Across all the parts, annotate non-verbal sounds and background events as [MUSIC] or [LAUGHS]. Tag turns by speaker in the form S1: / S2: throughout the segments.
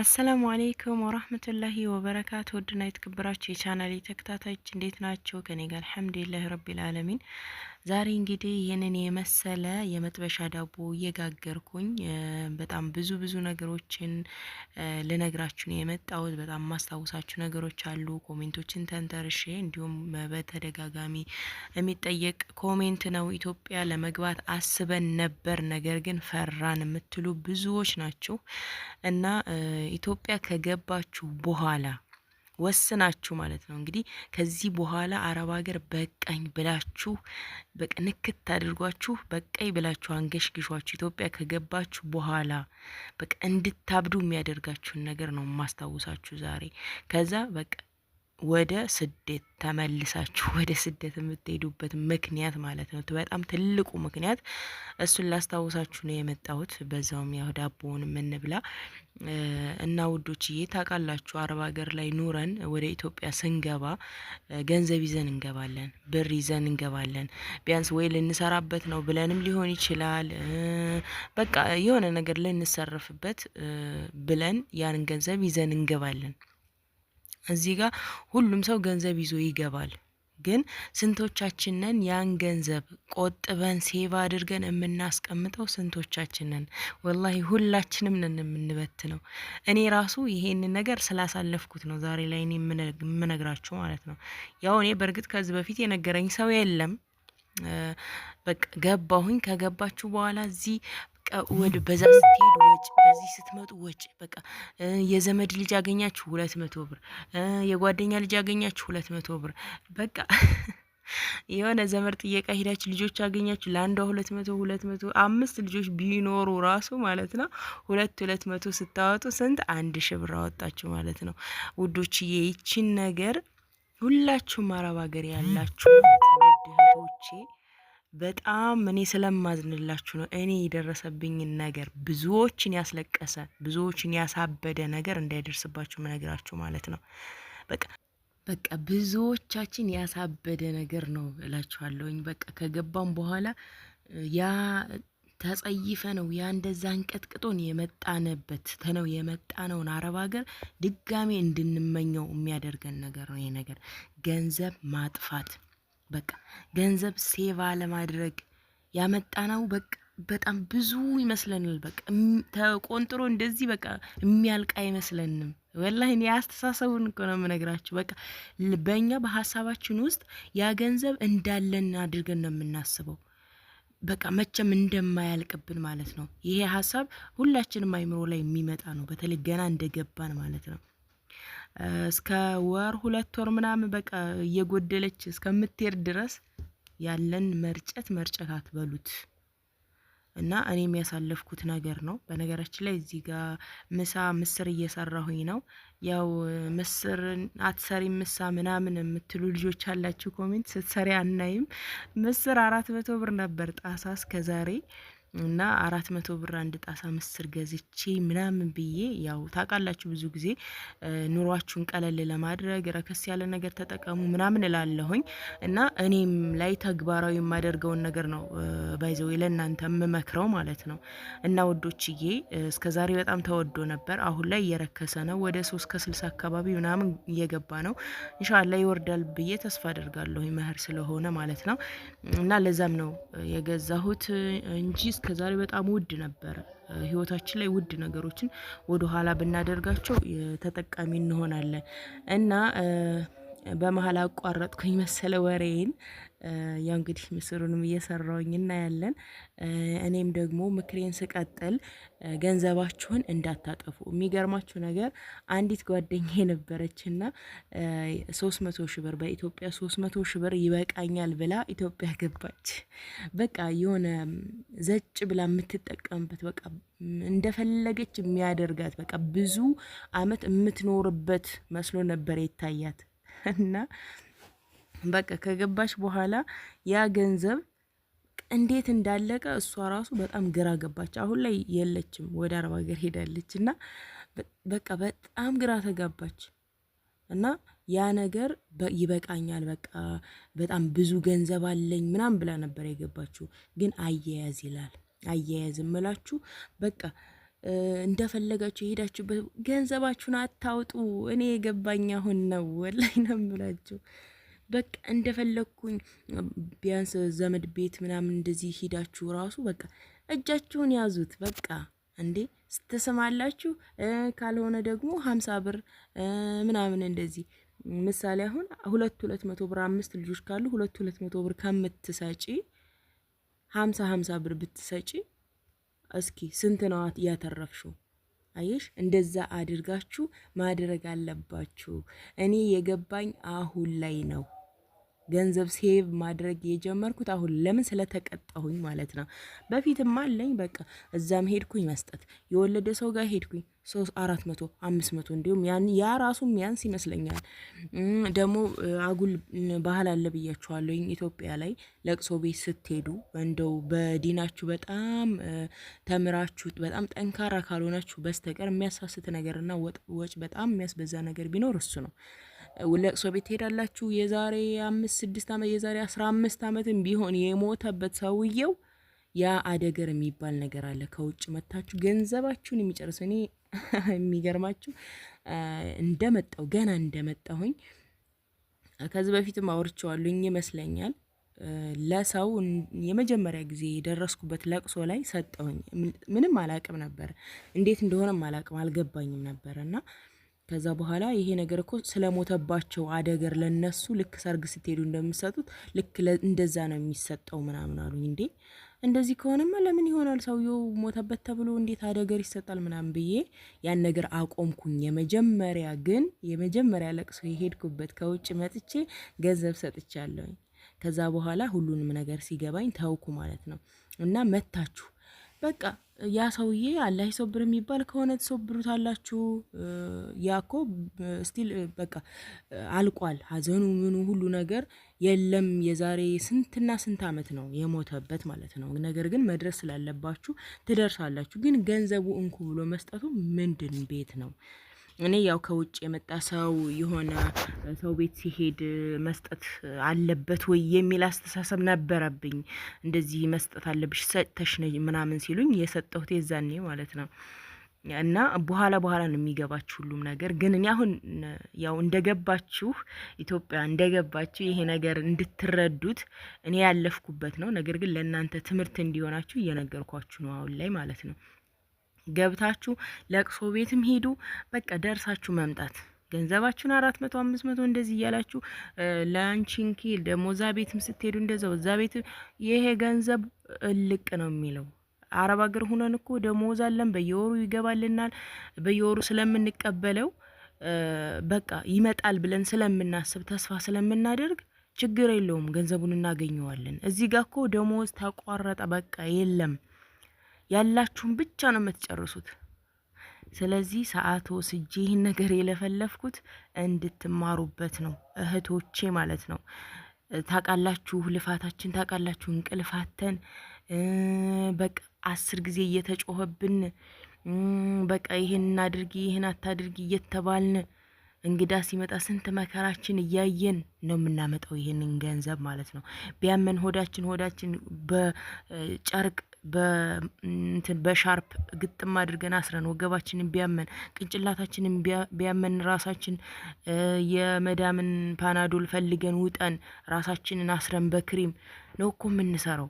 S1: አሰላሙ አሌይኩም ወራህመቱላሂ ወበረካቱ ውድና የተከበራችሁ የቻናሌ ተከታታዮች እንዴት ናቸው? ከኔ ጋር አልሐምዱሊላህ ረቢል አለሚን ዛሬ እንግዲህ ይህንን የመሰለ የመጥበሻ ዳቦ እየጋገርኩኝ በጣም ብዙ ብዙ ነገሮችን ልነግራችሁ ነው የመጣሁት። በጣም ማስታውሳችሁ ነገሮች አሉ። ኮሜንቶችን ተንተርሼ እንዲሁም በተደጋጋሚ የሚጠየቅ ኮሜንት ነው። ኢትዮጵያ ለመግባት አስበን ነበር፣ ነገር ግን ፈራን የምትሉ ብዙዎች ናችሁ እና ኢትዮጵያ ከገባችሁ በኋላ ወስናችሁ ማለት ነው እንግዲህ ከዚህ በኋላ አረብ ሀገር በቃኝ ብላችሁ ንክት አድርጓችሁ በቃኝ ብላችሁ አንገሽግሿችሁ ኢትዮጵያ ከገባችሁ በኋላ በቃ እንድታብዱ የሚያደርጋችሁን ነገር ነው የማስታውሳችሁ ዛሬ ከዛ በቃ ወደ ስደት ተመልሳችሁ ወደ ስደት የምትሄዱበት ምክንያት ማለት ነው። በጣም ትልቁ ምክንያት እሱን ላስታውሳችሁ ነው የመጣሁት። በዛውም ያው ዳቦውን የምንብላ እና ውዶችዬ፣ ታውቃላችሁ አረብ ሀገር ላይ ኑረን ወደ ኢትዮጵያ ስንገባ ገንዘብ ይዘን እንገባለን፣ ብር ይዘን እንገባለን። ቢያንስ ወይ ልንሰራበት ነው ብለንም ሊሆን ይችላል። በቃ የሆነ ነገር ልንሰርፍበት ብለን ያንን ገንዘብ ይዘን እንገባለን። እዚህ ጋር ሁሉም ሰው ገንዘብ ይዞ ይገባል። ግን ስንቶቻችንን ያን ገንዘብ ቆጥበን ሴቭ አድርገን የምናስቀምጠው ስንቶቻችንን? ወላሂ ሁላችንም ነን የምንበት ነው። እኔ ራሱ ይሄንን ነገር ስላሳለፍኩት ነው ዛሬ ላይ እኔ የምነግራችሁ ማለት ነው። ያው እኔ በእርግጥ ከዚህ በፊት የነገረኝ ሰው የለም። በቃ ገባሁኝ። ከገባችሁ በኋላ እዚህ በቃ ወደ በዛ ስትሄድ ወጭ፣ በዚህ ስትመጡ ወጭ። በቃ የዘመድ ልጅ ያገኛችሁ ሁለት መቶ ብር፣ የጓደኛ ልጅ ያገኛችሁ ሁለት መቶ ብር። በቃ [LAUGHS] የሆነ ዘመድ ጥየቃ ሄዳችሁ ልጆች አገኛችሁ ለአንዷ ሁለት መቶ ሁለት መቶ አምስት ልጆች ቢኖሩ ራሱ ማለት ነው ሁለት ሁለት መቶ ስታወጡ ስንት አንድ ሺ ብር አወጣችሁ ማለት ነው ውዶች። ይችን ነገር ሁላችሁም አረብ ሀገር ያላችሁ ውድ እህቶቼ በጣም እኔ ስለማዝንላችሁ ነው። እኔ የደረሰብኝን ነገር ብዙዎችን ያስለቀሰ ብዙዎችን ያሳበደ ነገር እንዳይደርስባችሁ መነግራችሁ ማለት ነው። በቃ በቃ ብዙዎቻችን ያሳበደ ነገር ነው እላችኋለሁኝ። በቃ ከገባም በኋላ ያ ተጸይፈ ነው ያ እንደዛ እንቀጥቅጦን የመጣነበት ተነው የመጣነውን አረብ ሀገር ድጋሜ እንድንመኘው የሚያደርገን ነገር ነው ይሄ ነገር ገንዘብ ማጥፋት በቃ ገንዘብ ሴቫ ለማድረግ ያመጣነው በቃ በጣም ብዙ ይመስለናል። በቃ ተቆንጥሮ እንደዚህ በቃ የሚያልቅ አይመስለንም። ወላሂ የአስተሳሰቡን እኮ ነው የምነግራችሁ። በቃ በእኛ በሀሳባችን ውስጥ ያ ገንዘብ እንዳለን አድርገን ነው የምናስበው። በቃ መቼም እንደማያልቅብን ማለት ነው። ይሄ ሀሳብ ሁላችንም አይምሮ ላይ የሚመጣ ነው፣ በተለይ ገና እንደገባን ማለት ነው። እስከ ወር ሁለት ወር ምናምን በቃ እየጎደለች እስከምትሄድ ድረስ ያለን መርጨት መርጨት አትበሉት እና እኔ የሚያሳለፍኩት ነገር ነው። በነገራችን ላይ እዚህ ጋር ምሳ ምስር እየሰራሁኝ ነው። ያው ምስር አትሰሪ ምሳ ምናምን የምትሉ ልጆች አላችሁ። ኮሜንት ስትሰሪ አናይም። ምስር አራት መቶ ብር ነበር ጣሳ እስከ ዛሬ እና አራት መቶ ብር አንድ ጣሳ ምስር ገዝቼ ምናምን ብዬ ያው ታውቃላችሁ፣ ብዙ ጊዜ ኑሯችሁን ቀለል ለማድረግ ረከስ ያለ ነገር ተጠቀሙ ምናምን እላለሁኝ እና እኔም ላይ ተግባራዊ የማደርገውን ነገር ነው ባይዘው ለእናንተ የምመክረው ማለት ነው። እና ወዶችዬ እስከዛሬ በጣም ተወዶ ነበር። አሁን ላይ እየረከሰ ነው። ወደ ሶስት ከስልሳ አካባቢ ምናምን እየገባ ነው። እንሻላ ይወርዳል ብዬ ተስፋ አደርጋለሁ መህር ስለሆነ ማለት ነው። እና ለዛም ነው የገዛሁት እንጂ እስከዛሬ በጣም ውድ ነበረ። ህይወታችን ላይ ውድ ነገሮችን ወደኋላ ብናደርጋቸው ተጠቃሚ እንሆናለን እና በመሀል አቋረጥኩኝ መሰለ ወሬን። ያው እንግዲህ ምስሩንም እየሰራውኝ እናያለን። እኔም ደግሞ ምክሬን ስቀጥል ገንዘባችሁን እንዳታጠፉ። የሚገርማችሁ ነገር አንዲት ጓደኛ የነበረችና ሶስት መቶ ሺ ብር በኢትዮጵያ ሶስት መቶ ሺ ብር ይበቃኛል ብላ ኢትዮጵያ ገባች። በቃ የሆነ ዘጭ ብላ የምትጠቀምበት በቃ እንደፈለገች የሚያደርጋት በቃ ብዙ አመት የምትኖርበት መስሎ ነበር የታያት። እና በቃ ከገባሽ በኋላ ያ ገንዘብ እንዴት እንዳለቀ እሷ ራሱ በጣም ግራ ገባች። አሁን ላይ የለችም፣ ወደ አረብ ሀገር ሄዳለች እና በቃ በጣም ግራ ተጋባች እና ያ ነገር ይበቃኛል፣ በቃ በጣም ብዙ ገንዘብ አለኝ ምናምን ብላ ነበር የገባችው። ግን አያያዝ ይላል። አያያዝ እምላችሁ በቃ እንደፈለጋችሁ የሄዳችሁበት ገንዘባችሁን አታውጡ። እኔ የገባኝ አሁን ነው፣ ወላይ ነው የምላችሁ። በቃ እንደፈለግኩኝ ቢያንስ ዘመድ ቤት ምናምን እንደዚህ ሄዳችሁ ራሱ በቃ እጃችሁን ያዙት። በቃ እንዴ ስትስማላችሁ፣ ካልሆነ ደግሞ ሀምሳ ብር ምናምን እንደዚህ ምሳሌ አሁን ሁለት ሁለት መቶ ብር አምስት ልጆች ካሉ ሁለት ሁለት መቶ ብር ከምትሰጪ ሀምሳ ሀምሳ ብር ብትሰጪ እስኪ ስንት ነዋት ያተረፍሽው? አየሽ፣ እንደዛ አድርጋችሁ ማድረግ አለባችሁ። እኔ የገባኝ አሁን ላይ ነው። ገንዘብ ሴቭ ማድረግ የጀመርኩት አሁን ለምን ስለተቀጣሁኝ ማለት ነው። በፊትም አለኝ በቃ እዛም ሄድኩኝ መስጠት የወለደ ሰው ጋር ሄድኩኝ ሶስት አራት መቶ አምስት መቶ እንዲሁም ያን ያ ራሱ ሚያንስ ይመስለኛል። ደግሞ አጉል ባህል አለ ብያችኋለኝ ኢትዮጵያ ላይ ለቅሶ ቤት ስትሄዱ እንደው በዲናችሁ በጣም ተምራችሁ በጣም ጠንካራ ካልሆናችሁ በስተቀር የሚያሳስት ነገርና ወጭ በጣም የሚያስበዛ ነገር ቢኖር እሱ ነው። ለቅሶ ቤት ትሄዳላችሁ። የዛሬ አምስት ስድስት ዓመት የዛሬ አስራ አምስት ዓመትም ቢሆን የሞተበት ሰውየው ያ አደገር የሚባል ነገር አለ። ከውጭ መታችሁ ገንዘባችሁን የሚጨርስ እኔ [LAUGHS] የሚገርማችሁ እንደመጣው ገና እንደመጣሁኝ ከዚህ በፊትም አውርቼዋለሁ ይመስለኛል ለሰው የመጀመሪያ ጊዜ የደረስኩበት ለቅሶ ላይ ሰጠሁኝ። ምንም አላቅም ነበር፣ እንዴት እንደሆነም አላቅም አልገባኝም ነበር እና ከዛ በኋላ ይሄ ነገር እኮ ስለሞተባቸው አደገር ለነሱ ልክ ሰርግ ስትሄዱ እንደምሰጡት ልክ እንደዛ ነው የሚሰጠው ምናምን አሉኝ። እንዴ እንደዚህ ከሆነማ ለምን ይሆናል ሰውየው ሞተበት ተብሎ እንዴት አደገር ይሰጣል ምናምን ብዬ ያን ነገር አቆምኩኝ። የመጀመሪያ ግን የመጀመሪያ ለቅሶ የሄድኩበት ከውጭ መጥቼ ገንዘብ ሰጥቻለሁኝ። ከዛ በኋላ ሁሉንም ነገር ሲገባኝ ተውኩ ማለት ነው እና መታችሁ በቃ ያ ሰውዬ አላህ ይሰብር የሚባል ከሆነ ትሰብሩታላችሁ። ያኮ ስቲል በቃ አልቋል፣ ሀዘኑ ምኑ ሁሉ ነገር የለም። የዛሬ ስንትና ስንት ዓመት ነው የሞተበት ማለት ነው። ነገር ግን መድረስ ስላለባችሁ ትደርሳላችሁ። ግን ገንዘቡ እንኩ ብሎ መስጠቱ ምንድን ቤት ነው? እኔ ያው ከውጭ የመጣ ሰው የሆነ ሰው ቤት ሲሄድ መስጠት አለበት ወይ የሚል አስተሳሰብ ነበረብኝ። እንደዚህ መስጠት አለብሽ ሰጥተሽ ነ ምናምን ሲሉኝ የሰጠሁት የዛኔ ማለት ነው። እና በኋላ በኋላ ነው የሚገባችሁ ሁሉም ነገር። ግን እኔ አሁን ያው እንደገባችሁ ኢትዮጵያ እንደገባችሁ ይሄ ነገር እንድትረዱት እኔ ያለፍኩበት ነው። ነገር ግን ለእናንተ ትምህርት እንዲሆናችሁ እየነገርኳችሁ ነው አሁን ላይ ማለት ነው። ገብታችሁ ለቅሶ ቤትም ሄዱ፣ በቃ ደርሳችሁ መምጣት ገንዘባችሁን አራት መቶ አምስት መቶ እንደዚህ እያላችሁ ለአንቺንኪ ደግሞ እዛ ቤትም ስትሄዱ እንደዛው እዛ ቤት ይሄ ገንዘብ እልቅ ነው የሚለው። አረብ ሀገር ሁነን እኮ ደሞዝ አለን በየወሩ ይገባልናል። በየወሩ ስለምንቀበለው በቃ ይመጣል ብለን ስለምናስብ ተስፋ ስለምናደርግ ችግር የለውም ገንዘቡን እናገኘዋለን። እዚህ ጋር እኮ ደሞዝ ተቋረጠ፣ በቃ የለም። ያላችሁን ብቻ ነው የምትጨርሱት። ስለዚህ ሰዓት ወስጄ ይህን ነገር የለፈለፍኩት እንድትማሩበት ነው እህቶቼ ማለት ነው። ታቃላችሁ፣ ልፋታችን ታቃላችሁ። እንቅልፋተን በቃ አስር ጊዜ እየተጮኸብን በቃ ይህን አድርጊ ይህን አታድርጊ እየተባልን እንግዳ ሲመጣ ስንት መከራችን እያየን ነው የምናመጣው ይህንን ገንዘብ ማለት ነው። ቢያመን ሆዳችን ሆዳችን በጨርቅ በሻርፕ ግጥም አድርገን አስረን ወገባችንን ቢያመን ቅንጭላታችንን ቢያመን ራሳችን የመዳምን ፓናዶል ፈልገን ውጠን ራሳችንን አስረን በክሪም ነው እኮ የምንሰራው።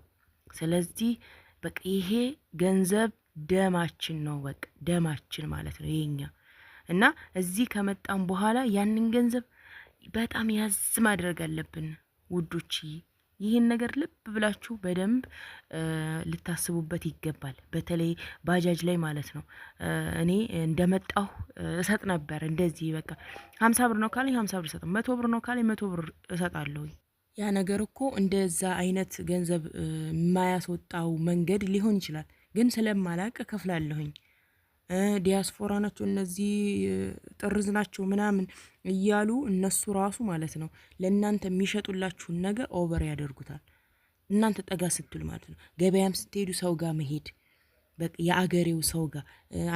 S1: ስለዚህ በቃ ይሄ ገንዘብ ደማችን ነው፣ በቃ ደማችን ማለት ነው ይሄኛ እና እዚህ ከመጣም በኋላ ያንን ገንዘብ በጣም ያዝ ማድረግ አለብን ውዶችዬ። ይህን ነገር ልብ ብላችሁ በደንብ ልታስቡበት ይገባል። በተለይ ባጃጅ ላይ ማለት ነው። እኔ እንደመጣሁ እሰጥ ነበር። እንደዚህ በቃ ሀምሳ ብር ነው ካለኝ ሀምሳ ብር እሰጥ፣ መቶ ብር ነው ካለኝ መቶ ብር እሰጣለሁ። ያ ነገር እኮ እንደዛ አይነት ገንዘብ የማያስወጣው መንገድ ሊሆን ይችላል፣ ግን ስለማላቅ ከፍላለሁኝ። ዲያስፖራ ናቸው እነዚህ ጥርዝ ናቸው ምናምን እያሉ እነሱ ራሱ ማለት ነው ለእናንተ የሚሸጡላችሁን ነገር ኦቨር ያደርጉታል። እናንተ ጠጋ ስትል ማለት ነው። ገበያም ስትሄዱ ሰው ጋር መሄድ የአገሬው ሰው ጋር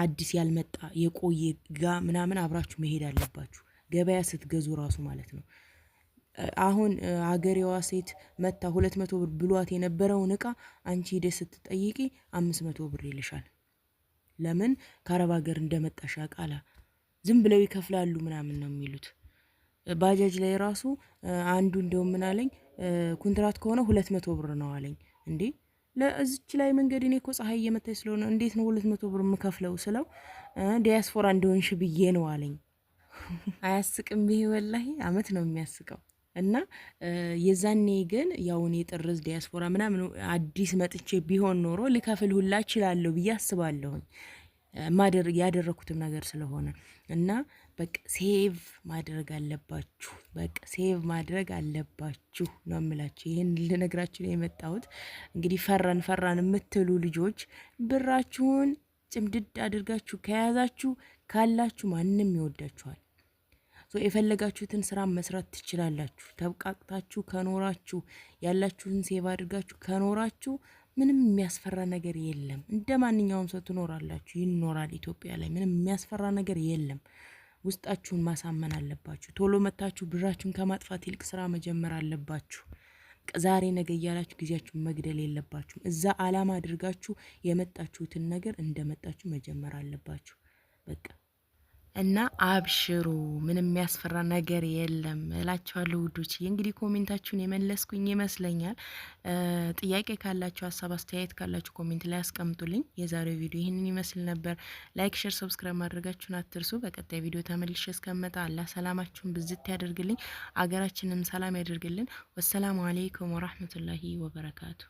S1: አዲስ ያልመጣ የቆየ ጋ ምናምን አብራችሁ መሄድ አለባችሁ። ገበያ ስትገዙ ራሱ ማለት ነው። አሁን አገሬዋ ሴት መታ ሁለት መቶ ብር ብሏት የነበረውን እቃ አንቺ ሂደሽ ስትጠይቂ አምስት መቶ ብር ይልሻል። ለምን ከአረብ ሀገር እንደመጣሽ አቃላ ዝም ብለው ይከፍላሉ ምናምን ነው የሚሉት። ባጃጅ ላይ ራሱ አንዱ እንደውም ምን አለኝ፣ ኮንትራት ከሆነ ሁለት መቶ ብር ነው አለኝ። እንዴ ለእዚች ላይ መንገድ እኔ እኮ ፀሐይ እየመታኝ ስለሆነ እንዴት ነው ሁለት መቶ ብር የምከፍለው ስለው ዲያስፖራ እንደሆንሽ ብዬ ነው አለኝ። አያስቅም ይሄ? ወላሂ አመት ነው የሚያስቀው። እና የዛኔ ግን ያውን የጥርዝ ዲያስፖራ ምናምን አዲስ መጥቼ ቢሆን ኖሮ ልከፍል ሁላ እችላለሁ ብዬ አስባለሁኝ ያደረኩትም ነገር ስለሆነ እና በቃ ሴቭ ማድረግ አለባችሁ፣ በቃ ሴቭ ማድረግ አለባችሁ ነው የምላችሁ። ይህን ልነግራችሁ የመጣሁት። እንግዲህ ፈራን ፈራን የምትሉ ልጆች ብራችሁን ጭምድድ አድርጋችሁ ከያዛችሁ ካላችሁ ማንም ይወዳችኋል። የፈለጋችሁትን ስራ መስራት ትችላላችሁ። ተብቃቅታችሁ ከኖራችሁ ያላችሁን ሴቭ አድርጋችሁ ከኖራችሁ ምንም የሚያስፈራ ነገር የለም። እንደ ማንኛውም ሰው ትኖራላችሁ፣ ይኖራል። ኢትዮጵያ ላይ ምንም የሚያስፈራ ነገር የለም። ውስጣችሁን ማሳመን አለባችሁ። ቶሎ መታችሁ ብራችሁን ከማጥፋት ይልቅ ስራ መጀመር አለባችሁ። ዛሬ ነገ እያላችሁ ጊዜያችሁን መግደል የለባችሁም። እዛ አላማ አድርጋችሁ የመጣችሁትን ነገር እንደመጣችሁ መጀመር አለባችሁ። በቃ እና አብሽሩ፣ ምንም የሚያስፈራ ነገር የለም እላቸዋለሁ ውዶችዬ። እንግዲህ ኮሜንታችሁን የመለስኩኝ ይመስለኛል። ጥያቄ ካላችሁ፣ ሀሳብ አስተያየት ካላችሁ ኮሜንት ላይ አስቀምጡልኝ። የዛሬው ቪዲዮ ይህንን ይመስል ነበር። ላይክ፣ ሼር፣ ሰብስክራይብ ማድረጋችሁን አትርሱ። በቀጣይ ቪዲዮ ተመልሼ እስከመጣ አላ ሰላማችሁን ብዝት ያደርግልኝ፣ አገራችንም ሰላም ያደርግልን። ወሰላሙ አሌይኩም ወራህመቱላሂ ወበረካቱ